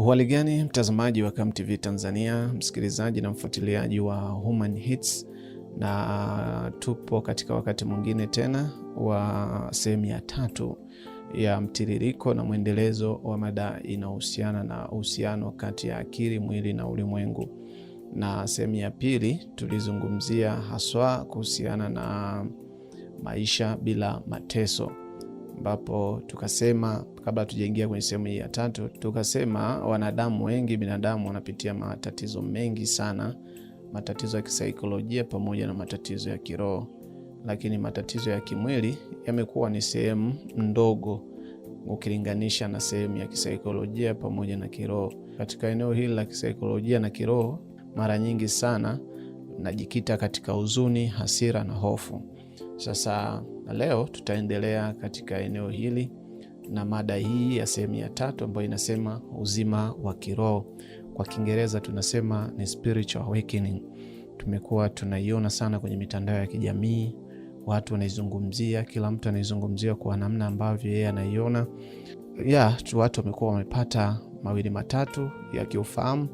Uhali gani mtazamaji wa Come TV Tanzania, msikilizaji na mfuatiliaji wa Human Hits, na tupo katika wakati mwingine tena wa sehemu ya tatu ya mtiririko na mwendelezo wa mada inayohusiana na uhusiano kati ya akili, mwili na ulimwengu. Na sehemu ya pili tulizungumzia haswa kuhusiana na maisha bila mateso ambapo tukasema kabla tujaingia kwenye sehemu hii ya tatu, tukasema wanadamu wengi, binadamu wanapitia matatizo mengi sana, matatizo ya kisaikolojia pamoja na matatizo ya kiroho, lakini matatizo ya kimwili yamekuwa ni sehemu ndogo ukilinganisha na sehemu ya kisaikolojia pamoja na kiroho. Katika eneo hili la kisaikolojia na kiroho, mara nyingi sana najikita katika huzuni, hasira na hofu. Sasa na leo tutaendelea katika eneo hili na mada hii ya sehemu ya tatu ambayo inasema uzima wa kiroho, kwa Kiingereza tunasema ni spiritual awakening. Tumekuwa tunaiona sana kwenye mitandao ya kijamii, watu wanaizungumzia, kila mtu anaizungumzia kwa namna ambavyo yeye anaiona. Ya, watu wamekuwa wamepata mawili matatu ya kiufahamu,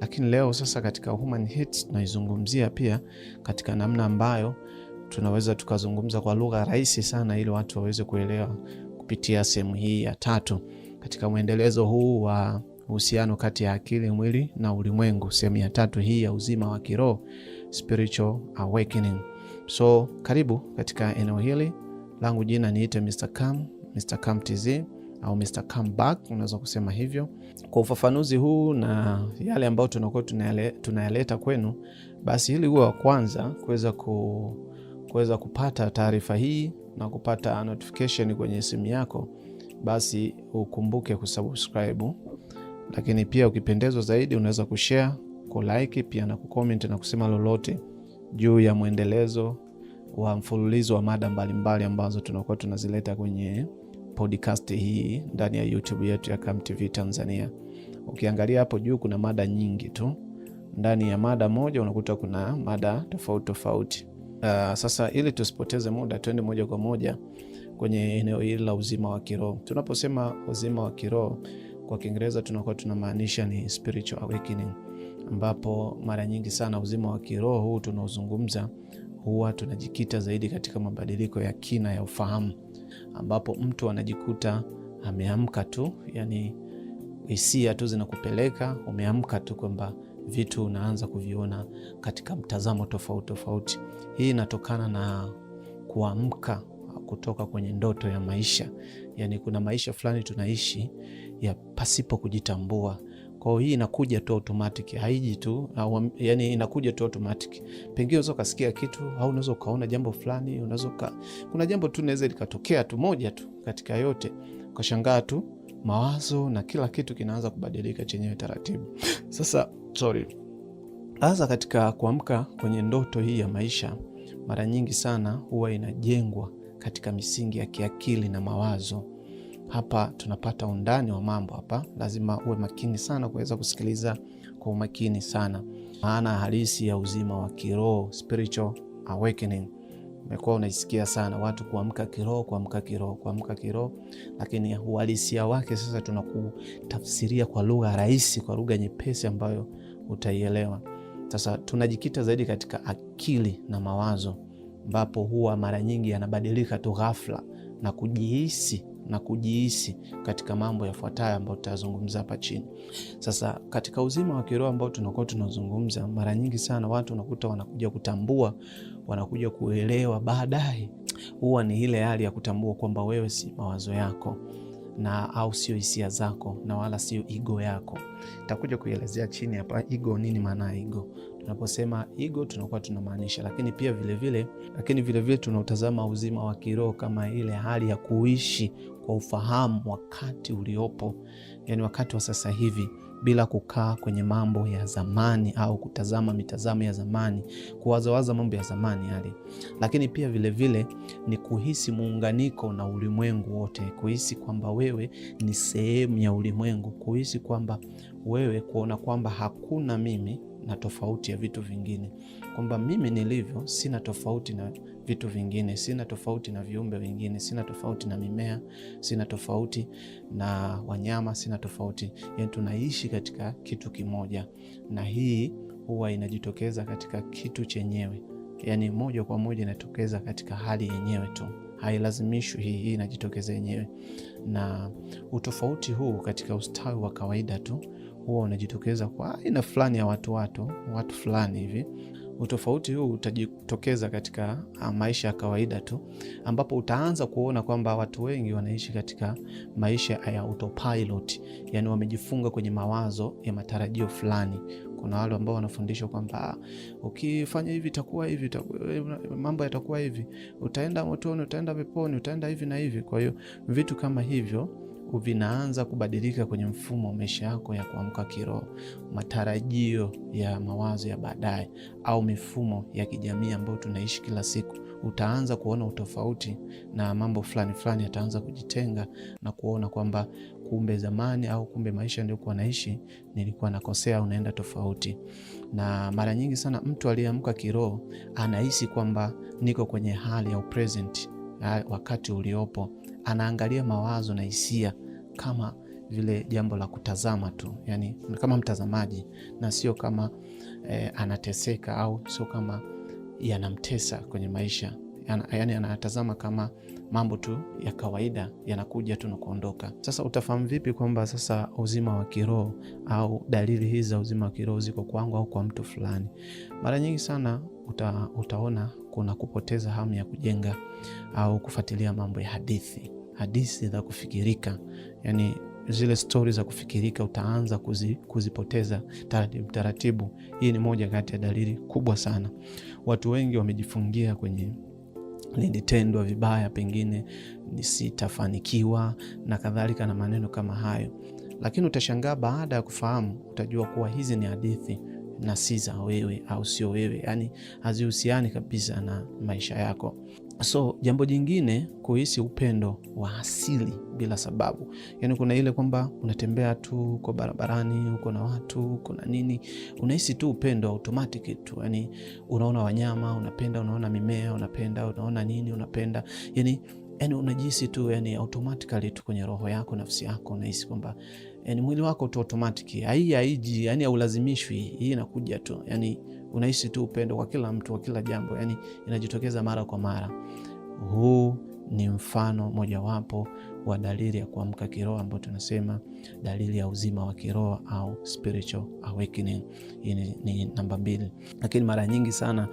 lakini leo sasa katika Human Hits tunaizungumzia pia katika namna ambayo tunaweza tukazungumza kwa lugha rahisi sana ili watu waweze kuelewa kupitia sehemu hii ya tatu katika mwendelezo huu wa uhusiano kati ya akili, mwili na ulimwengu, sehemu ya tatu hii ya uzima wa kiroho, spiritual awakening. So karibu katika eneo hili langu, jina niite Mr. Mr. TZ au Mr. Back, unaweza kusema hivyo. Kwa ufafanuzi huu na yale ambayo tunakuwa tunayaleta kwenu, basi hili huwa wa kwanza kuweza ku kuweza kupata taarifa hii na kupata notification kwenye simu yako, basi ukumbuke kusubscribe, lakini pia ukipendezwa zaidi unaweza kushare, kulike pia na kucomment na kusema lolote juu ya mwendelezo wa mfululizo wa mada mbalimbali ambazo tunakuwa tunazileta kwenye podcast hii ndani ya YouTube yetu ya Come TV Tanzania. Ukiangalia hapo juu kuna mada nyingi tu, ndani ya mada moja unakuta kuna mada tofauti tofauti. Uh, sasa ili tusipoteze muda tuende moja kwa moja kwenye eneo hili la uzima wa kiroho. Tunaposema uzima wa kiroho kwa Kiingereza tunakuwa tunamaanisha ni spiritual awakening, ambapo mara nyingi sana uzima wa kiroho huu tunaozungumza huwa tunajikita zaidi katika mabadiliko ya kina ya ufahamu, ambapo mtu anajikuta ameamka tu, yani hisia tu zinakupeleka umeamka tu kwamba vitu unaanza kuviona katika mtazamo tofauti tofauti. Hii inatokana na kuamka kutoka kwenye ndoto ya maisha. Yani, kuna maisha fulani tunaishi ya pasipo kujitambua. Kwa hiyo hii inakuja tu automatic, haiji tu yani, inakuja tu automatic. Pengine unaweza ukasikia kitu au unaweza ukaona jambo fulani, unaweza kuna jambo tu naweza likatokea tu moja tu katika yote, ukashangaa tu mawazo na kila kitu kinaanza kubadilika chenyewe taratibu. Sasa sorry, hasa katika kuamka kwenye ndoto hii ya maisha, mara nyingi sana huwa inajengwa katika misingi ya kiakili na mawazo. Hapa tunapata undani wa mambo hapa, lazima uwe makini sana kuweza kusikiliza kwa umakini sana maana halisi ya uzima wa kiroho, spiritual awakening umekuwa unaisikia sana watu kuamka kiroho, kuamka kiroho, kuamka kiroho, lakini uhalisia wake sasa tunakutafsiria kwa lugha rahisi, kwa lugha nyepesi ambayo utaielewa. Sasa tunajikita zaidi katika akili na mawazo, ambapo huwa mara nyingi yanabadilika tu ghafla na kujihisi na kujihisi katika mambo yafuatayo ambayo tutayazungumza hapa chini. Sasa katika uzima wa kiroho ambao tunakuwa tunazungumza, mara nyingi sana watu unakuta wanakuja kutambua, wanakuja kuelewa baadaye, huwa ni ile hali ya kutambua kwamba wewe si mawazo yako na au sio hisia zako na wala sio igo yako. takuja kuielezea chini hapa igo nini, maana igo Tunaposema ego tunakuwa tunamaanisha, lakini pia vile vile, lakini vilevile tunautazama uzima wa kiroho kama ile hali ya kuishi kwa ufahamu wakati uliopo, yani wakati wa sasa hivi bila kukaa kwenye mambo ya zamani au kutazama mitazamo ya zamani, kuwazawaza mambo ya zamani yale. Lakini pia vilevile vile, ni kuhisi muunganiko na ulimwengu wote, kuhisi kwamba wewe ni sehemu ya ulimwengu, kuhisi kwamba wewe, kuona kwamba hakuna mimi na tofauti ya vitu vingine, kwamba mimi nilivyo sina tofauti na vitu vingine, sina tofauti na viumbe vingine, sina tofauti na mimea, sina tofauti na wanyama, sina tofauti yani, tunaishi katika kitu kimoja, na hii huwa inajitokeza katika kitu chenyewe, yani moja kwa moja inatokeza katika hali yenyewe tu hailazimishwi hii, hii inajitokeza yenyewe. Na utofauti huu katika ustawi wa kawaida tu huwa unajitokeza kwa aina fulani ya watu watu watu fulani hivi. Utofauti huu utajitokeza katika ah, maisha ya kawaida tu, ambapo utaanza kuona kwamba watu wengi wanaishi katika maisha ya autopilot, yani wamejifunga kwenye mawazo ya matarajio fulani. Kuna wale ambao wanafundishwa kwamba ah, ukifanya hivi itakuwa hivi, eh, mambo yatakuwa hivi, utaenda motoni, utaenda peponi, utaenda hivi na hivi. Kwa hiyo vitu kama hivyo vinaanza kubadilika kwenye mfumo wa maisha yako ya kuamka kiroho, matarajio ya mawazo ya baadaye au mifumo ya kijamii ambayo tunaishi kila siku. Utaanza kuona utofauti na mambo fulani fulani, yataanza kujitenga na kuona kwamba kumbe zamani au kumbe maisha niliyokuwa naishi nilikuwa nakosea, unaenda tofauti. Na mara nyingi sana mtu aliyeamka kiroho anahisi kwamba niko kwenye hali ya present, wakati uliopo anaangalia mawazo na hisia kama vile jambo la kutazama tu, yani kama mtazamaji na sio kama eh, anateseka au sio kama yanamtesa kwenye maisha yani anatazama kama mambo tu ya kawaida yanakuja tu na kuondoka. Sasa utafahamu vipi kwamba sasa uzima wa kiroho au dalili hizi za uzima wa kiroho ziko kwangu au kwa mtu fulani? Mara nyingi sana uta, utaona kuna kupoteza hamu ya kujenga au kufuatilia mambo ya hadithi, hadithi za kufikirika, yani zile stori za kufikirika utaanza kuzi, kuzipoteza taratibu taratibu. Hii ni moja kati ya dalili kubwa sana. Watu wengi wamejifungia kwenye nilitendwa vibaya, pengine nisitafanikiwa na kadhalika, na maneno kama hayo, lakini utashangaa baada ya kufahamu, utajua kuwa hizi ni hadithi na si za wewe au sio wewe, yani hazihusiani kabisa na maisha yako. So jambo jingine, kuhisi upendo wa asili bila sababu, yani kuna ile kwamba unatembea tu uko barabarani, uko na watu, uko na nini, unahisi tu upendo automatic tu, yani unaona wanyama unapenda, unaona mimea unapenda, unaona nini unapenda, yani yani unajihisi tu yani automatically tu kwenye roho yako, nafsi yako unahisi kwamba yani mwili wako tu automatic, hii haiji, yani haulazimishwi, hii inakuja tu, yani unaishi tu upendo kwa kila mtu, kwa kila jambo, yani inajitokeza mara kwa mara. Huu ni mfano mojawapo wa dalili ya kuamka kiroho ambayo tunasema dalili ya uzima wa kiroho au spiritual awakening. Hii ni namba mbili, lakini mara nyingi sana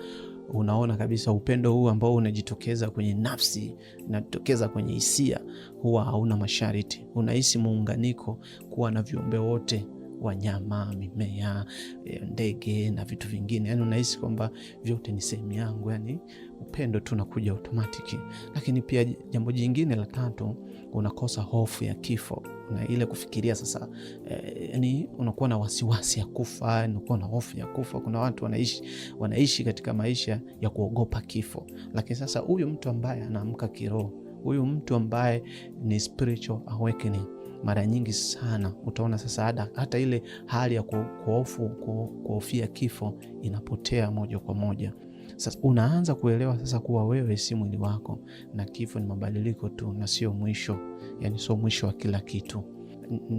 unaona kabisa upendo huu ambao unajitokeza kwenye nafsi, unajitokeza kwenye hisia, huwa hauna mashariti Unahisi muunganiko kuwa na viumbe wote wanyama, mimea, eh, ndege na vitu vingine, yani unahisi kwamba vyote ni sehemu yangu, yani upendo tu unakuja automatiki. Lakini pia jambo jingine la tatu, unakosa hofu ya kifo na ile kufikiria sasa, eh, yani eh, unakuwa na wasiwasi ya kufa, unakuwa na hofu ya kufa. Kuna watu wanaishi, wanaishi katika maisha ya kuogopa kifo, lakini sasa huyu mtu ambaye anaamka kiroho, huyu mtu ambaye ni spiritual awakening mara nyingi sana utaona sasa hada, hata ile hali ya kuhofu kuhofia kifo inapotea moja kwa moja. Sasa unaanza kuelewa sasa kuwa wewe si mwili wako, na kifo ni mabadiliko tu na sio mwisho, yani sio mwisho wa kila kitu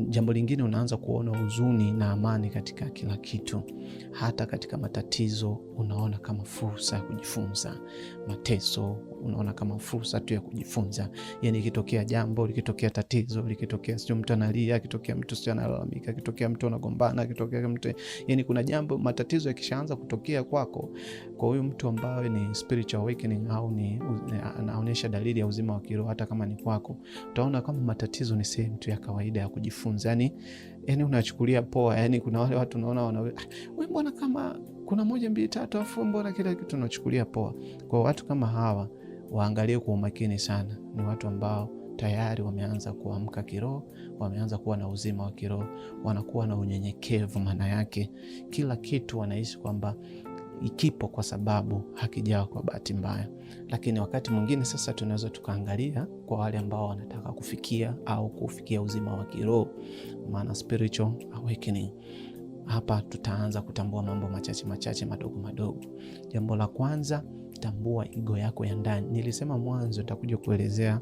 jambo lingine, unaanza kuona huzuni na amani katika kila kitu. Hata katika matatizo unaona kama fursa ya kujifunza, mateso unaona kama fursa tu ya kujifunza. Yani ikitokea jambo, likitokea tatizo, likitokea sio mtu analia, akitokea mtu sio analalamika, akitokea mtu anagombana, akitokea mtu, yani kuna jambo, matatizo yakishaanza kutokea kwako, kwa huyu mtu ambaye ni spiritual awakening au ni anaonyesha dalili ya uzima wa kiroho, hata kama ni kwako, utaona kama matatizo ni sehemu tu ya kawaida ya kujifunza yani, yani unachukulia poa yani. Kuna wale watu naona wana wewe, mbona kama kuna moja mbili tatu, afu mbona kila kitu unachukulia poa. Kwa watu kama hawa waangalie kwa umakini sana, ni watu ambao tayari wameanza kuamka kiroho, wameanza kuwa na uzima wa kiroho, wanakuwa na unyenyekevu. Maana yake kila kitu wanahisi kwamba kipo kwa sababu hakijawa kwa bahati mbaya. Lakini wakati mwingine sasa, tunaweza tukaangalia kwa wale ambao wanataka kufikia au kufikia uzima wa kiroho, maana spiritual awakening hapa tutaanza kutambua mambo machache machache madogo madogo. Jambo la kwanza, tambua igo yako ya ndani. Nilisema mwanzo, nitakuja kuelezea